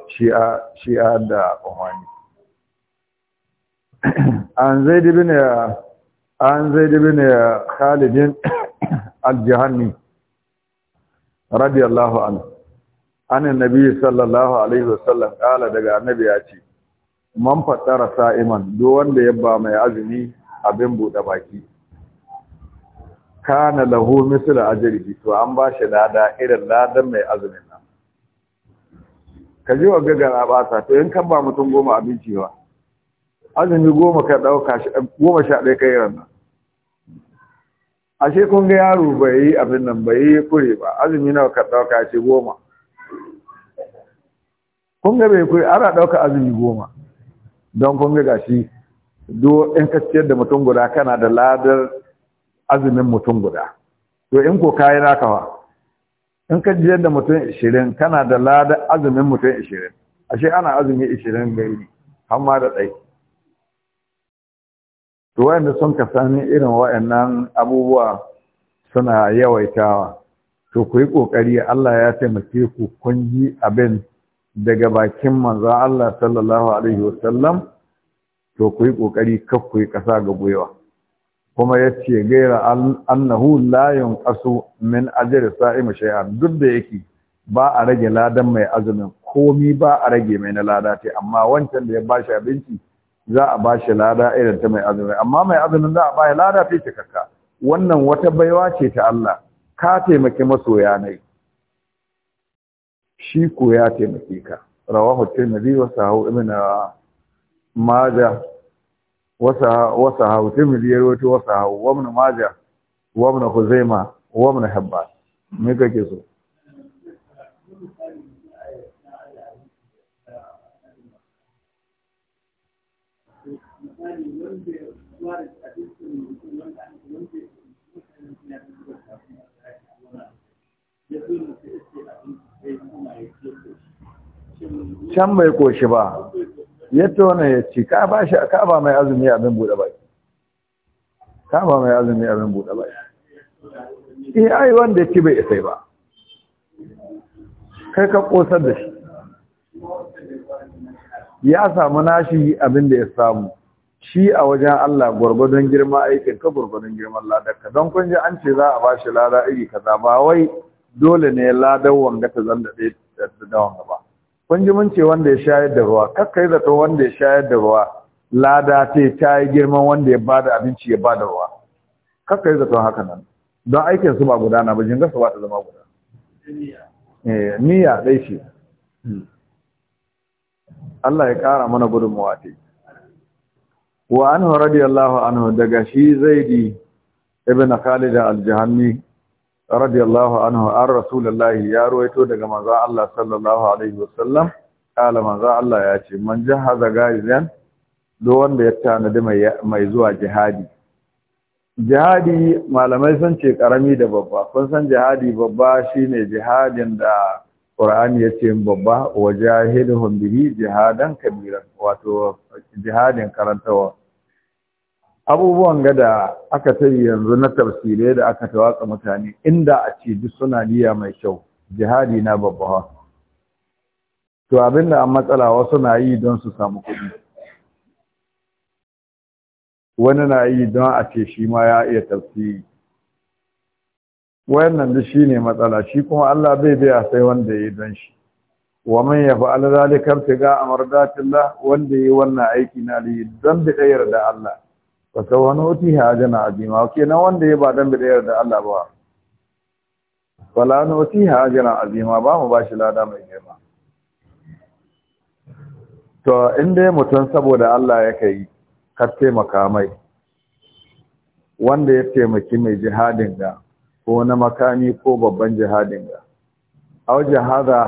shi'a da umarni an zai dibi ne an zai dibi ne khalidin aljihanni radiyallahu anhu anin nabi sallallahu alaihi wasallam kala daga annabi ya ce man fattara sa'iman duk wanda ya ba mai azumi abin bude baki kana lahu misla ajrihi to an ba shi lada irin ladan mai azumin nan ka ji wa na basa to in kan ba mutum goma abinci ba azumi goma ka dauka goma sha ɗaya kai ran nan ashe kun ga yaro bai yi abin nan bai yi kure ba azumi nawa ka dauka ce goma kun ga bai kure ana dauka azumi goma don kun ga gashi do in ka ciyar da mutum guda kana da ladar azumin mutum guda to in ko kayi naka fa in ka ciyar da mutum 20 kana da ladar azumin mutum 20 ashe ana azumi 20 gari har ma da ɗaya to wayanda sun ka sani irin wayannan abubuwa suna yawaitawa to ku yi kokari Allah ya taimake ku kun yi abin daga bakin manzo Allah sallallahu alaihi wasallam to ku yi kokari kar ku yi kasa ga gwiwa kuma ya ce gaira annahu la yunqasu min ajri sa'im shay'an duk da yake ba a rage ladan mai azumin komi ba a rage mai na lada amma wancan da ya bashi abinci za a ba shi lada irin ta mai azumi amma mai azumin za a ba shi lada fi cikakka wannan wata baiwa ce ta Allah ka taimaki masoya ne shi ko ya taimake ka rawahu tirmidhi wa sahahu ibn majah wa sahahu tirmidhi ya rawaito wa sahahu wa ibn majah wa ibn khuzaimah wa ibn hibban me kake so can bai koshi ba yadda tona ya ce ka ba mai azumi abin buɗe baki ka ba mai azumi abin buɗe baki eh ai wanda ya ci bai isai ba kai ka ƙosar da shi ya samu nashi abin da ya samu shi a wajen Allah gwargwadon girma aikin ka gwargwadon girman ladarka don kun ji an ce za a bashi lada iri kaza ba wai dole ne ladar wanga ta zanda da da wanga ba kun ji mun ce wanda ya shayar da ruwa yi zato wanda ya shayar da ruwa lada ce ta yi girman wanda ya bada abinci ya bada ruwa yi zato haka nan don aikin su ba gudana ba jinga gasa ba ta zama guda eh, niyya dai shi hmm. Allah ya ƙara mana gudunmawa ta wa anhu radiyallahu anhu daga shi zaidi na kali al-jahanni radiyallahu anhu an rasulullahi ya ruwaito daga manza Allah sallallahu alaihi wasallam kala manza Allah ya ce man jahaza gaizan do wanda ya tanadi mai zuwa jihadi jihadi malamai sun ce karami da babba kun san jihadi babba shine jihadin da Ƙur'ani ya ce babba wa jahilhum bihi jihadan kabira wato jihadin karantawa abubuwan gada aka ta yanzu na tafsirai da aka ta watsa mutane inda a ce duk suna niyya mai kyau jihadi na babba to abinda an matsala wasu na yi don su samu kuɗi wani na yi don a ce shi ma ya iya tafsiri wayannan da shi ne matsala shi kuma Allah bai biya sai wanda ya yi don shi wa man ya fa'al zalika tiga amradatillah wanda yi wannan aiki na li dan bi dayar da Allah fa sawanu ti hajana azima na wanda ya ba dan bi dayar da Allah ba wala nuti hajana azima ba mu bashi lada mai girma to inda mutum saboda Allah ya kai ka taimaka mai wanda ya taimaki mai jihadin ga ko na makami ko babban jihadin ga aw haza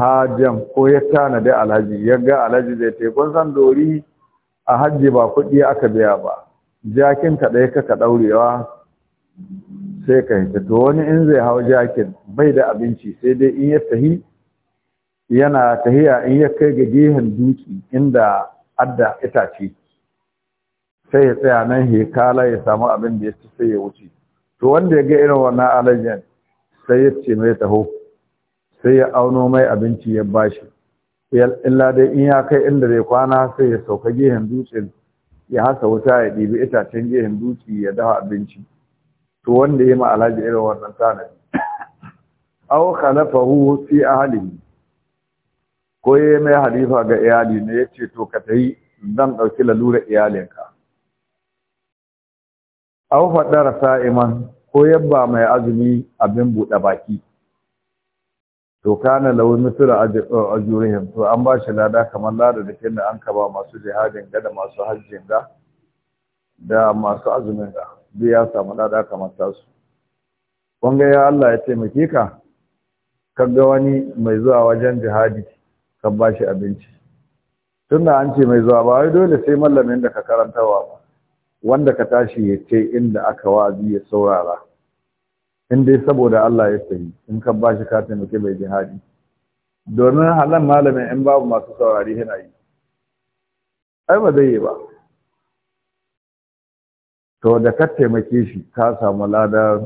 hajjan ko ya tanadi alhaji ya ga alhaji zai ta zan san dori a hajji ba kuɗi aka biya ba jakin ka ɗaya kaka ɗaurewa sai ka hita to wani in zai hau jakin bai da abinci sai dai in ya tahi yana tahiya in ya kai ga gehen duki inda adda itace sai ya tsaya nan hekala ya samu abin da ya ci sai ya wuce to wanda ya ga irin wannan alajen sai ya ce mai taho sai ya auno mai abinci ya bashi illa dai in ya kai inda zai kwana sai ya sauka gehen dutsen ya hasa wuta ya ɗibi itacen gehen dutse ya dafa abinci to wanda ya ma alhaji irin wannan tanadi kalafa khalafahu fi ahlihi ko ya mai halifa ga iyali ne ya ce to ka ta yi, zan ɗauki lalura iyalinka aw faɗara sa'iman ko yabba mai azumi abin buɗe baki to kana lahu mithla uh, ajurihim to an ba shi lada kamar lada da kenan da an kaba masu jihadin ga da masu hajjin ga da masu azumin ga duk samu lada kamar tasu kun ga ya Allah ya taimake ka kaga wani mai zuwa wajen jihadi kan ba shi abinci tunda an ce mai zuwa ba dole sai mallamin da ka karantawa ba wanda ka tashi ya ce inda aka wazi ya saurara in dai saboda Allah ya sayi in ka ba shi ka taimake mai jihadi domin halan malamin in babu masu saurari yana yi ai ba zai yi ba to da ka taimake shi ka samu ladar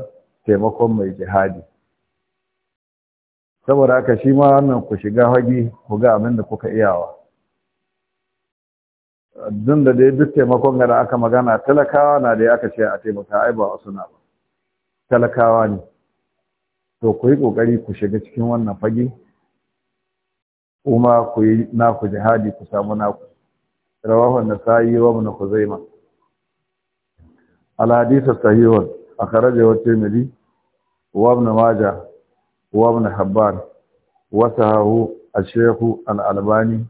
taimakon mai jihadi saboda haka shi ma wannan ku shiga hagi ku ga abin da kuka iyawa dun da dai duk taimakon gada aka magana talakawa na da aka ce a taimaka ai ba wasu na ba talakawa ne to ku yi ƙoƙari ku shiga cikin wannan fage kuma ku yi naku jihadi ku samu naku rawahu yi wa na ku zai ma. sahih ta at-tirmidhi wa ibn majah wa ibn maja, wa sahahu al-shaykh al-albani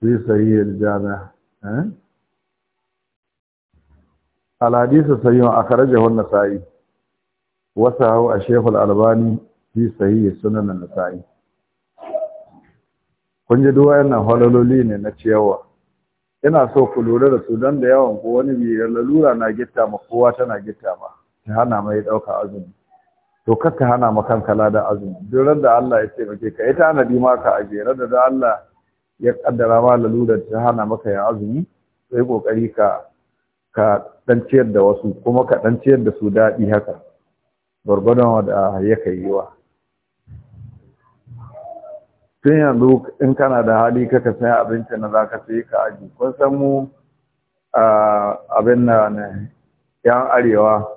sai في صحيح الجامع الحديث wasu hau a وسعه albani fi في صحيح سنن Nasa'i. kun ji duwa yana halaloli ne na cewa. ina so ku lura da su don da yawan ku wani biyar lalura na gitta ma kowa tana gitta ma ta hana mai ɗauka azumi to kar ka hana ma kala da azumi duran da Allah ya taimake ka ta ana maka a ka da da Allah ya kaddara ma lalurar ta hana maka ya azumi sai kokari ka ka dan ciyar da wasu kuma ka dan ciyar da su daɗi haka gwargwadon da ya kai yiwa tun yanzu in kana da hali kaka sai abinci na za ka sai ka aji kun san mu abin na yan arewa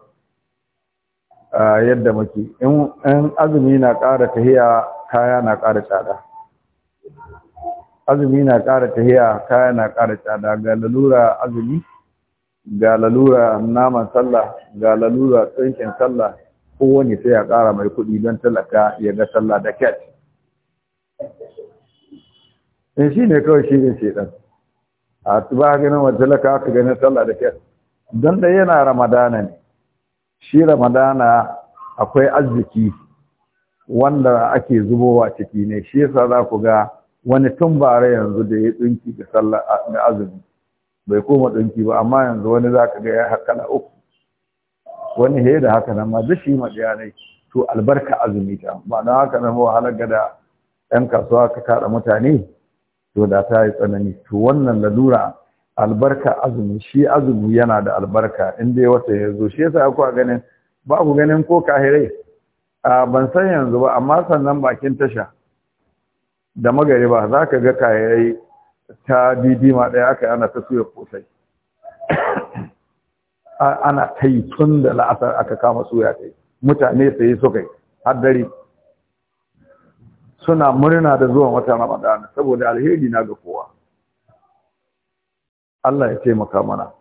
yadda muke in azumi na ƙara tahiya kaya na ƙara tsada azumi na ƙara tahiya kaya na ƙara tsada ga lalura azumi ga lalura naman sallah ga lalura tsinkin sallah kowane sai ya ƙara mai kuɗi don talaka ya ga sallah da kyat in eh, shi ne kawai shi ne shaidan a ba ganin wa talaka aka ganin sallah da kyat don da yana ramadana ne shi ramadana akwai arziki wanda ake zubowa ciki ne shi yasa za ku ga wani tun bara yanzu da ya ɗinki da sallah da azumi bai koma ɗinki ba amma yanzu wani za ka ga ya na uku wani he da haka nan ma duk shi da ne to albarka azumi ta ba na haka nan ga da ɗan kasuwa ka kada mutane to da ta yi tsanani to wannan lalura albarka azumi shi azumi yana da albarka in dai wata ya zo shi yasa ku ganin ba ku ganin ko kahirai a ban san yanzu ba amma sannan bakin tasha da magariba za ka ga kayayi ta didima ɗaya aka ana ta suya kosai ana ta yi tun da la'asar aka kama suya ta yi mutane yi suka yi haddari suna murna da zuwa wata ramadana saboda alheri na ga kowa Allah ya taimaka mana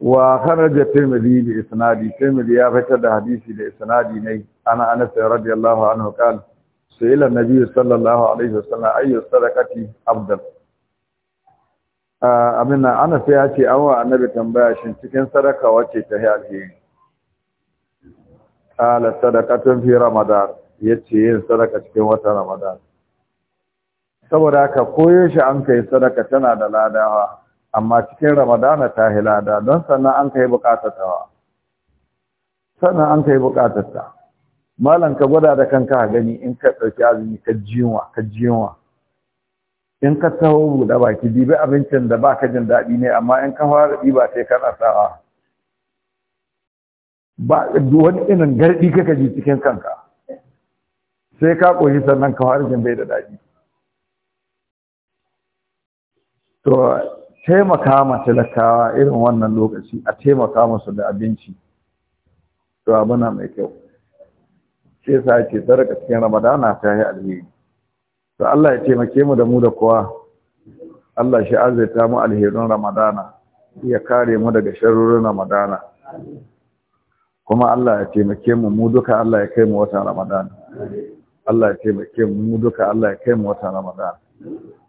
wa kharaja tirmidhi da isnadi tirmidhi ya fitar da hadisi da isnadi ne ana anas radiyallahu anhu qala sai النبي صلى الله عليه وسلم أي الصدقة أفضل amina ana sai ya ce an wa annabi tambaya shi cikin sadaka wacce ta yi alheri kala sadakatun fi ramadan ya ce yin sadaka cikin wata ramadan saboda haka koyaushe shi an kai sadaka tana da ladawa amma cikin ramadana ta yi lada don sannan an kai bukatar sannan an kai malam ka gwada da kanka a gani in ka ɗauki azumi ka jiwa ka jiwa in ka taho buɗe baki dibi abincin da baka jin daɗi ne amma in ka fara ɗiba sai kana sa'a ba wani irin garɗi kaka ji cikin kanka sai ka koyi sannan ka fara jin bai da daɗi to taimaka ma talakawa irin wannan lokaci a taimaka masu da abinci to abu na mai kyau shi sa ake sadaka cikin ramadana ta yi alheri to Allah ya taimake mu da mu da kowa Allah shi azaita mu alherin ramadana ya kare mu daga sharurin ramadana kuma Allah ya taimake mu mu duka Allah ya kai mu watan ramadana Allah ya taimake mu mu duka Allah ya kai mu watan ramadana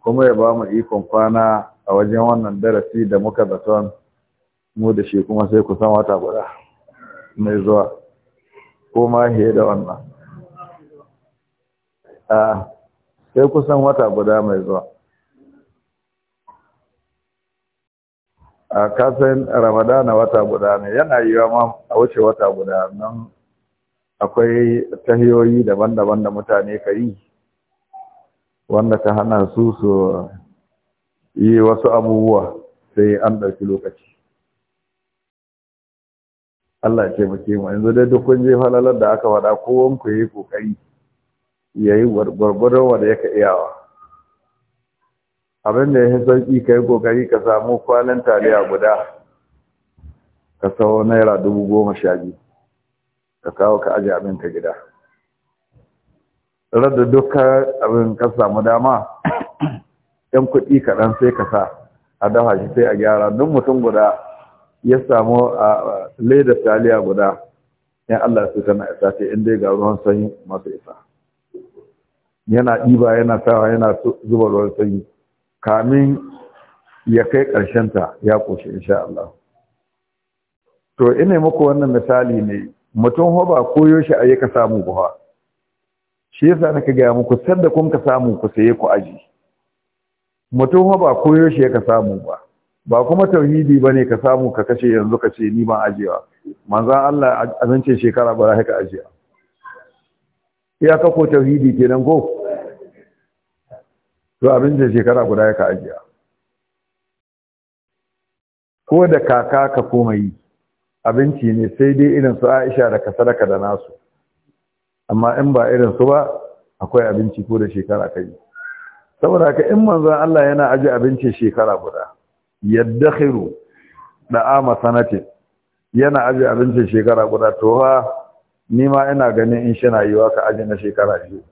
kuma ya ba mu ikon kwana a wajen wannan darasi da muka zaton mu da shi kuma sai ku san wata guda mai zuwa ko ma da wannan a sai kusan wata guda mai zuwa a kasan ramadana wata guda ne yana yiwa ma a wuce wata guda nan akwai tahiyoyi daban-daban da mutane ka yi wanda ka hana su su yi wasu abubuwa sai an ɗauki lokaci Allah ce muke mu yanzu dai duk kun je falalar da aka faɗa kowan ku yi kokari yayi gwargwadon da yake iyawa abin da ya sauki kai kokari ka samu kwalin taliya guda ka sawo naira dubu goma sha biyu ka kawo ka aje abin ka gida rada duka abin ka samu dama yan kuɗi kaɗan sai ka sa a dafa shi sai a gyara duk mutum guda ya samu a laida taliya guda in Allah su kana isa ce in dai ga ruwan sanyi masu isa yana ɗiba yana sawa yana zuba ruwan sanyi kamin ya kai ta ya ƙoshe insha Allah to ina muku wannan misali ne mutum hoba koyo shi ka samu ba shi yasa naka gaya muku sanda kun ka samu ku saye ku aji mutum hoba koyo shi ya ka samu ba ba kuma tauhidi bane ka samu ka kashe yanzu ka ce ni ban ajewa manzan Allah azance shekara ba haka ajiya ya ka ko tauhidi kenan ko to abin da shekara guda haka ajiya ko da kaka ka koma yi abinci ne sai dai irin su Aisha da ka sadaka da nasu amma in ba irin su ba akwai abinci ko da shekara kai saboda ka in manzon Allah yana aje abinci shekara guda yaddakhiru da'ama sanatin yana aje abincin shekara guda to ha ni ma ina ganin in shi na yiwa ka aje na shekara biyu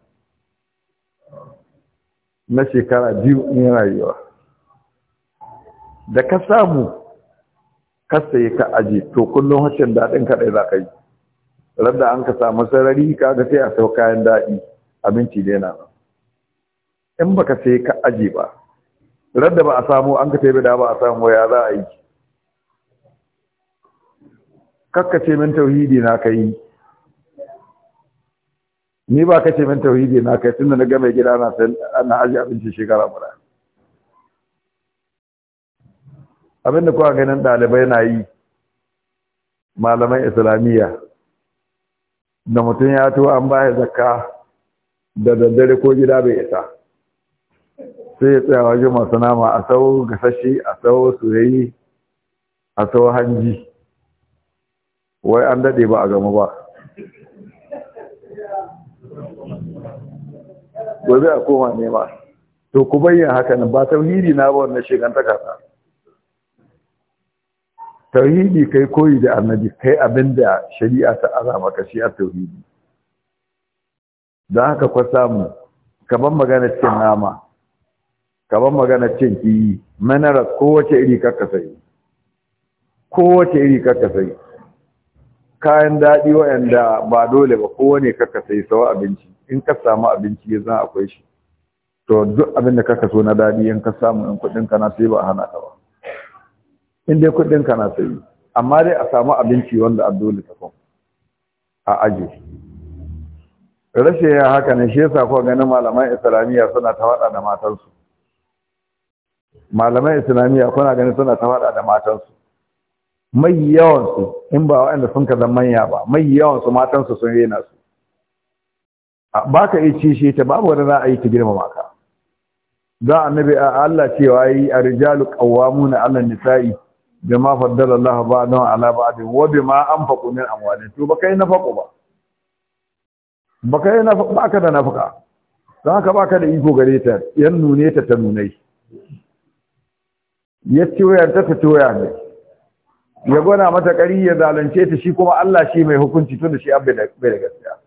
na shekara biyu in yana wa da ka samu ka sai ka aje to kullum hacin daɗin kaɗai za ka yi radda an ka samu sarari ka ga sai a sau kayan daɗi abinci dai na in baka sai ka aje ba da ba a samu an ka taibe da ba a samu ya za a yi kakkace min tauhidi na ka yi. ni ba kace min tauhidi na ka tun tunda na ga mai gida na sai ana aji abinci shekara guda abinda kuwa ganin ɗalibai na yi malaman islamiyya da mutum ya tuwa an baya zakka da daddare ko gida bai isa sai ya tsaya wajen masu nama a sau gasashi a sau soyayye a sau hanji wai an daɗe ba a gama ba ba zai a koma nema to ku bayyana hakan ba tauhidi na ba wannan shigantaka ta tauhidi kai koyi da annabi kai abin da shari'a ta azama ka shi a tauhidi don haka kwa samu kamar magana cikin nama kaban magana cin kiyi minerals kowace iri karka sai kowace iri karka sai kayan daɗi waɗanda ba dole ba kowane karka sai sawa abinci in ka samu abinci ya zan akwai shi to duk abin da kaka so na daɗi in ka samu in kuɗin ka na sai ba hana ka ba in dai kuɗin ka na sai amma dai a samu abinci wanda a dole ta kan a aji rashin haka ne shi yasa ko ganin malaman islamiyya suna ta faɗa da matansu malaman islamiyya kuna ganin suna ta fada da matansu mai yawansu in ba wanda sun ka manya ba mai yawansu matansu sun rena su ba ka yi ci shi ta babu wani za a yi ta girma maka za a nabi a Allah cewa yi a rijalu qawwamuna 'ala nisa'i ma faddala Allah don 'ala ba'din wa bima anfaqu min amwalihim to ba kai faku ba ba kai faku ba ka da nafaka don haka ba ka da iko gare ta yan nune ta ta nunai ya ci wayar ta ta ci ne ya gwana mata ƙari ya zalunce ta shi kuma Allah shi mai hukunci tun da shi abin da gaskiya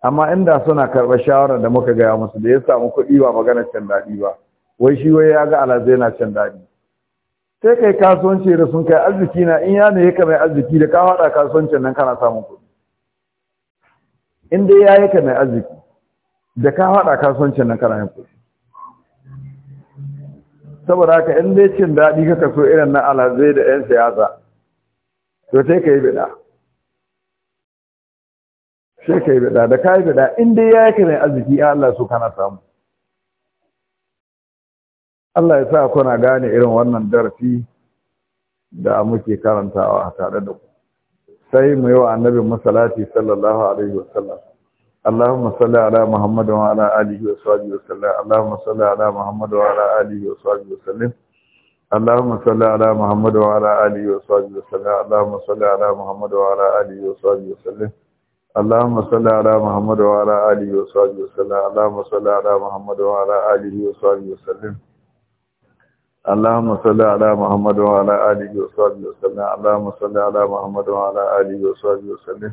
amma inda suna karɓar shawarar da muka gaya musu da ya samu kuɗi ba magana can daɗi ba wai shi wai ya ga alazai na can daɗi sai kai kasuwanci da sun kai arziki na in ya ne ka mai arziki da ka faɗa kasuwancin nan kana samun kuɗi in dai ya yi ka mai arziki da ka faɗa kasuwancin nan kana yin kuɗi saboda haka in dai cin daɗi kaka so irin na alhazai da 'yan siyasa to sai ka yi bida sai ka yi bida da ka yi bida in dai ya yi mai arziki ya Allah so kana samu Allah ya sa kuna gane irin wannan darasi da muke karantawa tare da ku sai mu yi wa annabin masalati sallallahu alaihi wasallam اللهم صل على محمد وعلى اله وصحبه وسلم اللهم صل على محمد وعلى اله وصحبه وسلم اللهم صل على محمد وعلى اله وصحبه وسلم اللهم صل على محمد وعلى اله وصحبه وسلم اللهم صل على محمد وعلى اله وصحبه وسلم اللهم صل على محمد وعلى اله وصحبه وسلم اللهم صل على محمد وعلى اله وصحبه وسلم اللهم صل على محمد وعلى اله وصحبه وسلم اللهم صل على محمد وعلى اله وصحبه وسلم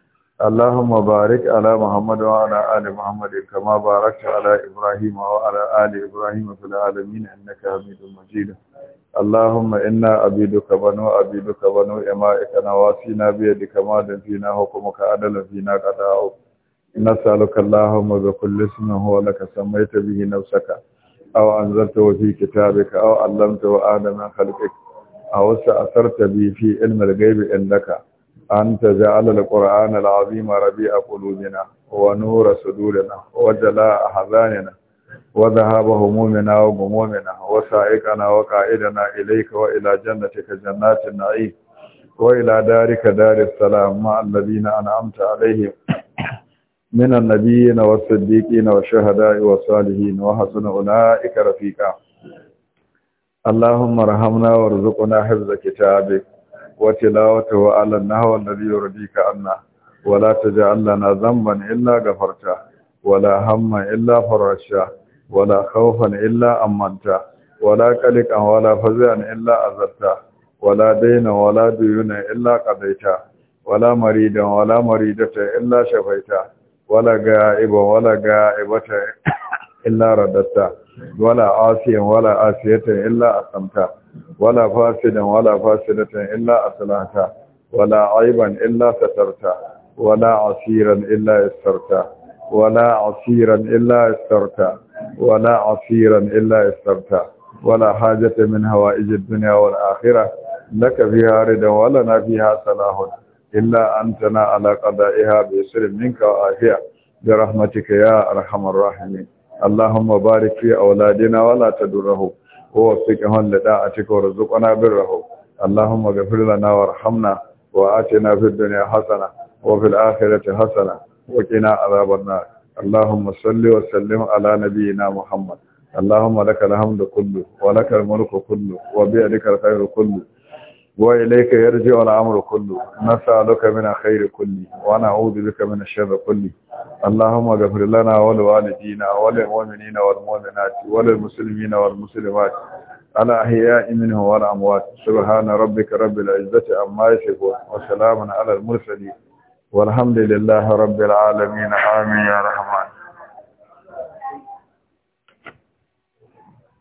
اللهم بارك على محمد وعلى آل محمد كما باركت على إبراهيم وعلى آل إبراهيم في العالمين إنك حميد مجيد اللهم إنا عبيدك بنو عبيدك بنو إمائك نواسينا بيدك ماض فينا حكمك عدل فينا قضاؤك نسألك اللهم بكل اسم هو لك سميت به نفسك أو أنزلته في كتابك أو علمته آدم من خلقك أو سأثرت به في علم الغيب عندك أن تجعل القرآن العظيم ربيع قلوبنا ونور صدورنا وجلاء أحزاننا وذهاب همومنا وغمومنا وسائقنا وقائدنا إليك وإلى جنتك جنات النعيم وإلى دارك دار السلام مع الذين أنعمت عليهم من النبيين والصديقين والشهداء والصالحين وحسن أولئك رفيقا اللهم ارحمنا وارزقنا حفظ كتابك Wati la wata wa'ala na hawa Ladi da wuri Allah. Wala ta Allah na zamban illa gafarta. Wala hamma illa farasha. Wala kawfan illa amanta. Wala ƙarikawa wala faɗulan illa azarta. Wala daina wala biyunan illa ƙaraita. Wala maridan wala maridatan illa shafaita. Walaga, ibo wala ga illa raɗaɗɗa. wala asiyan wala asiyatan illa asamta wala fasidan wala fasidatan illa aslahta wala aiban illa satarta wala asiran illa istarta wala asiran illa istarta wala asiran illa istarta wala hajata min hawaij ad-dunya wal akhirah laka fiha ridan wala na fiha salahun illa antana ala qada'iha bi sirrin minka wa afiya bi rahmatika ya arhamar rahimin Allahumma barik fi auladina wa la tadurruhu wa wafiqhum li da'ati warzuqna birruhu Allahumma ghfir lana warhamna wa atina fid dunya hasana wa fil akhirati hasana wa qina adhaban nar Allahumma salli wa sallim ala nabiyyina Muhammad Allahumma lakal hamdu kullu wa Malka mulku kullu wa bi'adika al-khayru kullu وإليك يرجع الأمر كله نسألك من خير كله ونعوذ بك من الشر كله اللهم اغفر لنا ولوالدينا وللمؤمنين والمؤمنات وللمسلمين والمسلمات الأحياء منه والأموات سبحان ربك رب العزة عما يصفون وسلام على المرسلين والحمد لله رب العالمين آمين يا رحمن